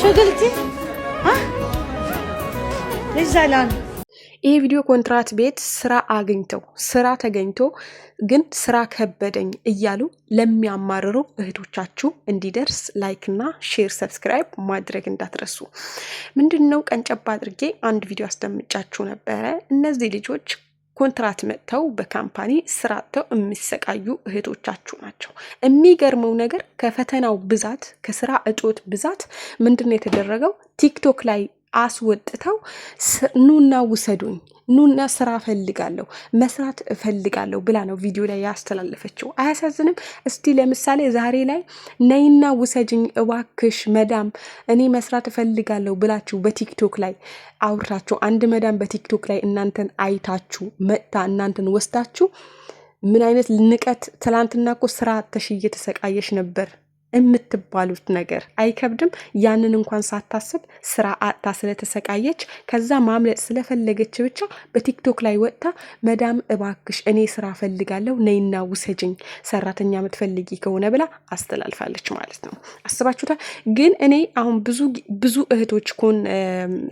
ሸገልቲ ዛላን ይሄ ቪዲዮ ኮንትራት ቤት ስራ አግኝተው ስራ ተገኝቶ ግን ስራ ከበደኝ እያሉ ለሚያማርሩ እህቶቻችሁ እንዲደርስ ላይክና ሼር ሰብስክራይብ ማድረግ እንዳትረሱ። ምንድን ነው ቀንጨባ አድርጌ አንድ ቪዲዮ አስደምጫችሁ ነበረ። እነዚህ ልጆች ኮንትራት መጥተው በካምፓኒ ስራ አጥተው የሚሰቃዩ እህቶቻችሁ ናቸው። የሚገርመው ነገር ከፈተናው ብዛት ከስራ እጦት ብዛት ምንድን ነው የተደረገው ቲክቶክ ላይ አስወጥተው ኑና ውሰዱኝ፣ ኑና ስራ እፈልጋለሁ፣ መስራት እፈልጋለሁ ብላ ነው ቪዲዮ ላይ ያስተላለፈችው። አያሳዝንም? እስቲ ለምሳሌ ዛሬ ላይ ነይና ውሰጅኝ እባክሽ መዳም እኔ መስራት እፈልጋለሁ ብላችሁ በቲክቶክ ላይ አውርታችሁ አንድ መዳም በቲክቶክ ላይ እናንተን አይታችሁ መጥታ እናንተን ወስዳችሁ ምን አይነት ንቀት! ትላንትና እኮ ስራ ተሽ እየተሰቃየሽ ነበር የምትባሉት ነገር አይከብድም። ያንን እንኳን ሳታስብ ስራ አጣ ስለተሰቃየች ከዛ ማምለጥ ስለፈለገች ብቻ በቲክቶክ ላይ ወጥታ መዳም እባክሽ እኔ ስራ ፈልጋለሁ ነይና ውሰጅኝ ሰራተኛ የምትፈልጊ ከሆነ ብላ አስተላልፋለች ማለት ነው። አስባችሁታል? ግን እኔ አሁን ብዙ ብዙ እህቶች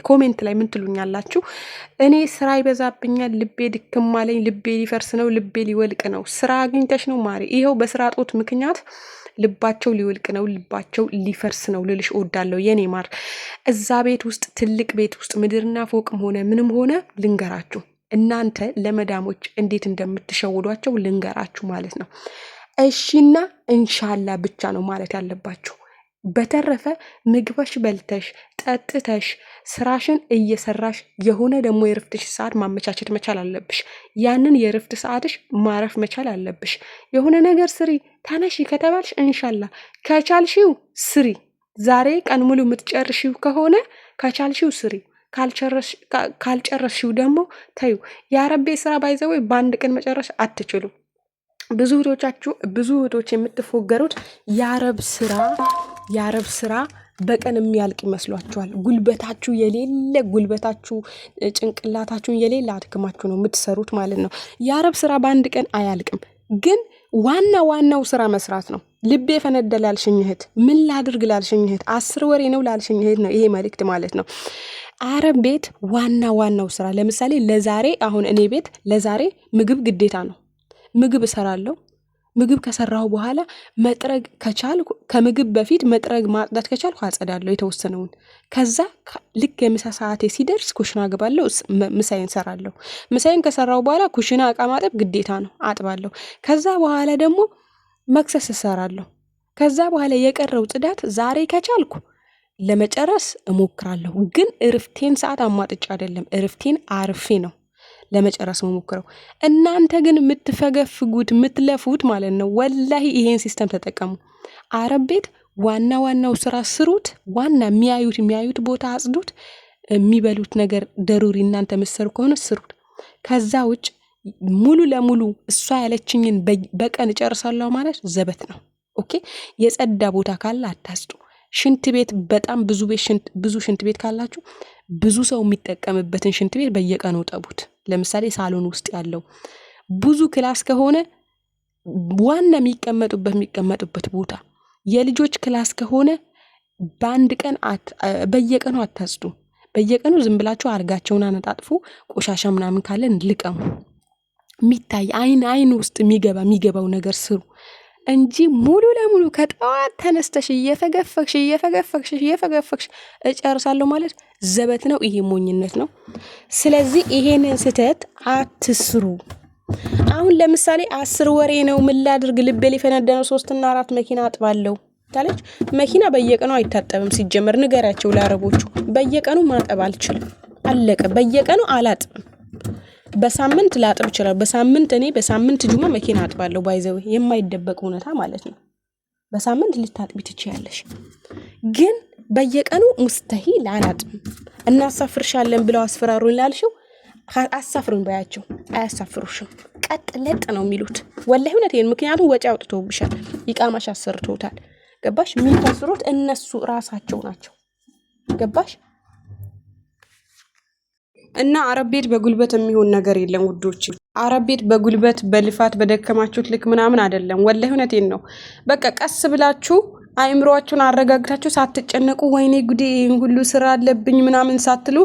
ኮሜንት ላይ ምን ትሉኛላችሁ? እኔ ስራ ይበዛብኛል፣ ልቤ ድክም አለኝ፣ ልቤ ሊፈርስ ነው፣ ልቤ ሊወልቅ ነው። ስራ አግኝተሽ ነው ማሪ። ይኸው በስራ ጦት ምክንያት ልባቸው ሊወልቅ ነው፣ ልባቸው ሊፈርስ ነው ልልሽ እወዳለሁ የኔ ማር። እዛ ቤት ውስጥ ትልቅ ቤት ውስጥ ምድርና ፎቅም ሆነ ምንም ሆነ ልንገራችሁ እናንተ ለመዳሞች እንዴት እንደምትሸውዷቸው ልንገራችሁ ማለት ነው። እሺና እንሻላ ብቻ ነው ማለት ያለባችሁ። በተረፈ ምግበሽ በልተሽ ጠጥተሽ ስራሽን እየሰራሽ የሆነ ደግሞ የእረፍትሽ ሰዓት ማመቻቸት መቻል አለብሽ። ያንን የርፍት ሰዓትሽ ማረፍ መቻል አለብሽ። የሆነ ነገር ስሪ ተነሺ ከተባልሽ እንሻላ ከቻልሽው ስሪ። ዛሬ ቀን ሙሉ የምትጨርሺው ከሆነ ከቻልሽው ስሪ። ካልጨረስሽው ደግሞ ተዩ። የአረቤ ስራ ባይዘወይ በአንድ ቀን መጨረስ አትችሉም። ብዙ እህቶቻችሁ ብዙ እህቶች የምትፎገሩት የአረብ ስራ የአረብ ስራ በቀን የሚያልቅ ይመስሏችኋል። ጉልበታችሁ የሌለ ጉልበታችሁ ጭንቅላታችሁን የሌለ አድክማችሁ ነው የምትሰሩት ማለት ነው። የአረብ ስራ በአንድ ቀን አያልቅም፣ ግን ዋና ዋናው ስራ መስራት ነው። ልቤ ፈነደ ላልሽኝ እህት፣ ምን ላድርግ ላልሽኝ እህት፣ አስር ወሬ ነው ላልሽኝ እህት ነው ይሄ መልእክት ማለት ነው። አረብ ቤት ዋና ዋናው ስራ ለምሳሌ ለዛሬ አሁን እኔ ቤት ለዛሬ ምግብ ግዴታ ነው ምግብ እሰራለሁ። ምግብ ከሰራሁ በኋላ መጥረግ ከቻልኩ ከምግብ በፊት መጥረግ ማጽዳት ከቻልኩ አጸዳለሁ የተወሰነውን። ከዛ ልክ የምሳ ሰዓቴ ሲደርስ ኩሽና አግባለሁ፣ ምሳዬን ሰራለሁ። ምሳዬን ከሰራሁ በኋላ ኩሽና እቃ ማጠብ ግዴታ ነው አጥባለሁ። ከዛ በኋላ ደግሞ መክሰስ እሰራለሁ። ከዛ በኋላ የቀረው ጽዳት ዛሬ ከቻልኩ ለመጨረስ እሞክራለሁ። ግን እርፍቴን ሰዓት አማጥጫ አይደለም እርፍቴን አርፌ ነው ለመጨረስ መሞክረው። እናንተ ግን የምትፈገፍጉት የምትለፉት ማለት ነው። ወላሂ ይሄን ሲስተም ተጠቀሙ። አረብ ቤት ዋና ዋናው ስራ ስሩት። ዋና የሚያዩት የሚያዩት ቦታ አጽዱት። የሚበሉት ነገር ደሩሪ እናንተ ምሰሩ ከሆነ ስሩት። ከዛ ውጭ ሙሉ ለሙሉ እሷ ያለችኝን በቀን እጨርሳለሁ ማለት ዘበት ነው። ኦኬ የጸዳ ቦታ ካለ አታስጡ። ሽንት ቤት በጣም ብዙ ቤት ብዙ ሽንት ቤት ካላችሁ ብዙ ሰው የሚጠቀምበትን ሽንት ቤት በየቀኑ ጠቡት። ለምሳሌ ሳሎን ውስጥ ያለው ብዙ ክላስ ከሆነ ዋና የሚቀመጡበት የሚቀመጡበት ቦታ የልጆች ክላስ ከሆነ በአንድ ቀን በየቀኑ አታጽዱ። በየቀኑ ዝም ብላችሁ አልጋቸውን አነጣጥፉ። ቆሻሻ ምናምን ካለን ልቀሙ። የሚታይ አይን አይን ውስጥ የሚገባ የሚገባው ነገር ስሩ። እንጂ ሙሉ ለሙሉ ከጠዋት ተነስተሽ እየፈገፈግሽ እየፈገፈግሽ እየፈገፈግሽ እጨርሳለሁ ማለት ዘበት ነው። ይሄ ሞኝነት ነው። ስለዚህ ይሄንን ስህተት አትስሩ። አሁን ለምሳሌ አስር ወሬ ነው ምን ላድርግ ልቤ ነው፣ ሶስትና አራት መኪና አጥባለሁ ታለች። መኪና በየቀኑ አይታጠብም ሲጀመር። ንገሪያቸው ለአረቦቹ በየቀኑ ማጠብ አልችልም፣ አለቀ። በየቀኑ አላጥብም በሳምንት ላጥብ ይችላል። በሳምንት እኔ በሳምንት ጁማ መኪና አጥባለሁ። ባይዘው የማይደበቅ እውነታ ማለት ነው። በሳምንት ልታጥቢ ትችያለሽ፣ ግን በየቀኑ ሙስተሂ አላጥብም። እናሳፍርሻለን ብለው አስፈራሩን ላልሽው አሳፍሩን በያቸው። አያሳፍሩሽም። ቀጥ ለጥ ነው የሚሉት ወላሂ ይሄን ምክንያቱም ወጪ አውጥቶብሻል፣ ይቃማሽ አሰርቶታል። ገባሽ? የሚታስሩት እነሱ ራሳቸው ናቸው። ገባሽ? እና አረብ ቤት በጉልበት የሚሆን ነገር የለም ውዶች። አረብ ቤት በጉልበት በልፋት በደከማችሁት ልክ ምናምን አይደለም። ወላሂ እውነቴን ነው። በቃ ቀስ ብላችሁ አእምሮአችሁን አረጋግታችሁ ሳትጨነቁ ወይኔ ጉዴ ሁሉ ስራ አለብኝ ምናምን ሳትሉ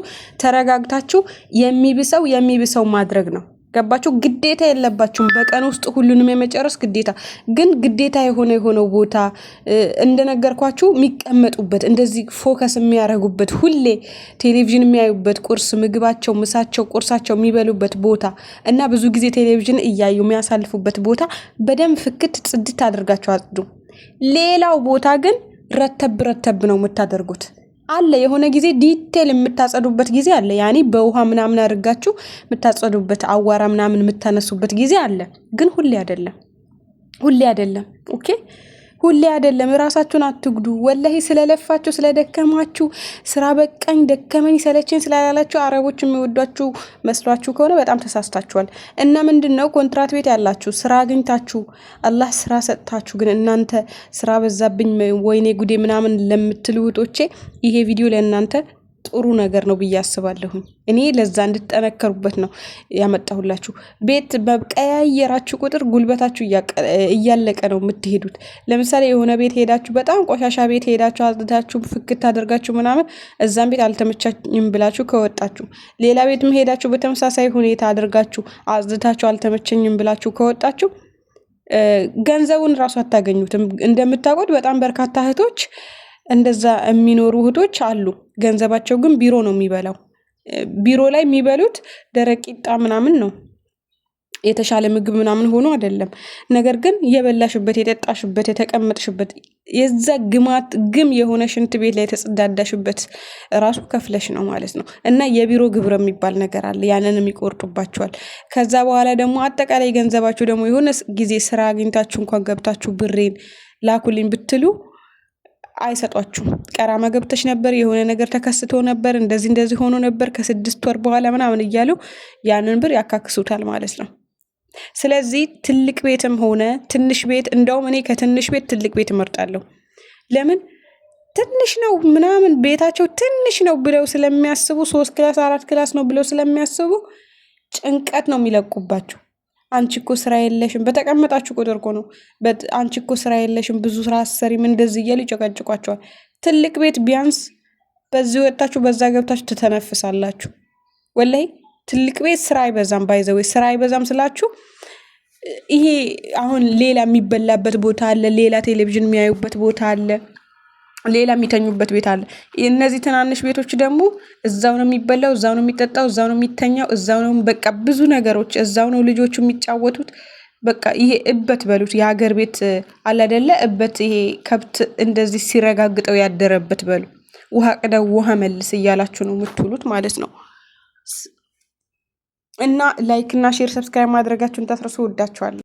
ተረጋግታችሁ የሚብሰው የሚብሰው ማድረግ ነው። ገባችሁ? ግዴታ የለባችሁም በቀን ውስጥ ሁሉንም የመጨረስ ግዴታ ግን ግዴታ የሆነ የሆነው ቦታ እንደነገርኳችሁ የሚቀመጡበት እንደዚህ ፎከስ የሚያደርጉበት ሁሌ ቴሌቪዥን የሚያዩበት ቁርስ፣ ምግባቸው፣ ምሳቸው፣ ቁርሳቸው የሚበሉበት ቦታ እና ብዙ ጊዜ ቴሌቪዥን እያዩ የሚያሳልፉበት ቦታ በደንብ ፍክት ጽድት አድርጋችሁ አጽዱ። ሌላው ቦታ ግን ረተብ ረተብ ነው የምታደርጉት። አለ። የሆነ ጊዜ ዲቴል የምታጸዱበት ጊዜ አለ። ያኔ በውሃ ምናምን አድርጋችሁ የምታጸዱበት አዋራ ምናምን የምታነሱበት ጊዜ አለ። ግን ሁሌ አይደለም፣ ሁሌ አይደለም። ኦኬ ሁሌ አይደለም። ራሳችሁን አትጉዱ። ወላሂ ስለለፋችሁ ስለደከማችሁ ስራ በቃኝ ደከመኝ ሰለችን ስላላላችሁ አረቦች የሚወዷችሁ መስሏችሁ ከሆነ በጣም ተሳስታችኋል። እና ምንድን ነው ኮንትራት ቤት ያላችሁ ስራ አግኝታችሁ አላህ ስራ ሰጥታችሁ፣ ግን እናንተ ስራ በዛብኝ ወይኔ ጉዴ ምናምን ለምትልውጦቼ ይሄ ቪዲዮ ለእናንተ ጥሩ ነገር ነው ብዬ አስባለሁኝ። እኔ ለዛ እንድጠነከሩበት ነው ያመጣሁላችሁ። ቤት በቀያየራችሁ ቁጥር ጉልበታችሁ እያለቀ ነው የምትሄዱት። ለምሳሌ የሆነ ቤት ሄዳችሁ በጣም ቆሻሻ ቤት ሄዳችሁ አጽድታችሁ ፍክት አድርጋችሁ ምናምን እዛም ቤት አልተመቻኝም ብላችሁ ከወጣችሁ፣ ሌላ ቤትም ሄዳችሁ በተመሳሳይ ሁኔታ አድርጋችሁ አጽድታችሁ አልተመቸኝም ብላችሁ ከወጣችሁ ገንዘቡን እራሱ አታገኙትም። እንደምታውቁት በጣም በርካታ እህቶች እንደዛ የሚኖሩ እህቶች አሉ። ገንዘባቸው ግን ቢሮ ነው የሚበላው። ቢሮ ላይ የሚበሉት ደረቅ ቂጣ ምናምን ነው የተሻለ ምግብ ምናምን ሆኖ አይደለም። ነገር ግን የበላሽበት፣ የጠጣሽበት፣ የተቀመጥሽበት የዛ ግማት ግም የሆነ ሽንት ቤት ላይ የተጸዳዳሽበት ራሱ ከፍለሽ ነው ማለት ነው። እና የቢሮ ግብር የሚባል ነገር አለ። ያንንም ይቆርጡባቸዋል። ከዛ በኋላ ደግሞ አጠቃላይ ገንዘባችሁ ደግሞ የሆነ ጊዜ ስራ አግኝታችሁ እንኳን ገብታችሁ ብሬን ላኩልኝ ብትሉ አይሰጧችሁም። ቀራማ ገብተሽ ነበር፣ የሆነ ነገር ተከስቶ ነበር፣ እንደዚህ እንደዚህ ሆኖ ነበር ከስድስት ወር በኋላ ምናምን እያሉ ያንን ብር ያካክሱታል ማለት ነው። ስለዚህ ትልቅ ቤትም ሆነ ትንሽ ቤት፣ እንደውም እኔ ከትንሽ ቤት ትልቅ ቤት እመርጣለሁ። ለምን ትንሽ ነው ምናምን ቤታቸው ትንሽ ነው ብለው ስለሚያስቡ ሶስት ክላስ አራት ክላስ ነው ብለው ስለሚያስቡ ጭንቀት ነው የሚለቁባቸው። አንቺ እኮ ስራ የለሽም በተቀመጣችሁ ቁጥር እኮ ነው። አንቺ እኮ ስራ የለሽም ብዙ ስራ አሰሪም እንደዚህ እያሉ ይጨቀጭቋቸዋል። ትልቅ ቤት ቢያንስ በዚህ ወጥታችሁ በዛ ገብታችሁ ትተነፍሳላችሁ። ወላይ ትልቅ ቤት ስራ አይበዛም፣ ባይዘዌ ስራ አይበዛም ስላችሁ ይሄ አሁን ሌላ የሚበላበት ቦታ አለ፣ ሌላ ቴሌቪዥን የሚያዩበት ቦታ አለ። ሌላ የሚተኙበት ቤት አለ። እነዚህ ትናንሽ ቤቶች ደግሞ እዛው ነው የሚበላው፣ እዛው ነው የሚጠጣው፣ እዛው ነው የሚተኛው፣ እዛው ነው በቃ ብዙ ነገሮች እዛው ነው ልጆቹ የሚጫወቱት። በቃ ይሄ እበት በሉት የሀገር ቤት አላደለ እበት፣ ይሄ ከብት እንደዚህ ሲረጋግጠው ያደረበት በሉ። ውሃ ቅደው ውሃ መልስ እያላችሁ ነው የምትውሉት ማለት ነው። እና ላይክ እና ሼር ሰብስክራይብ ማድረጋችሁን እንዳትረሱ። ወዳችኋለሁ።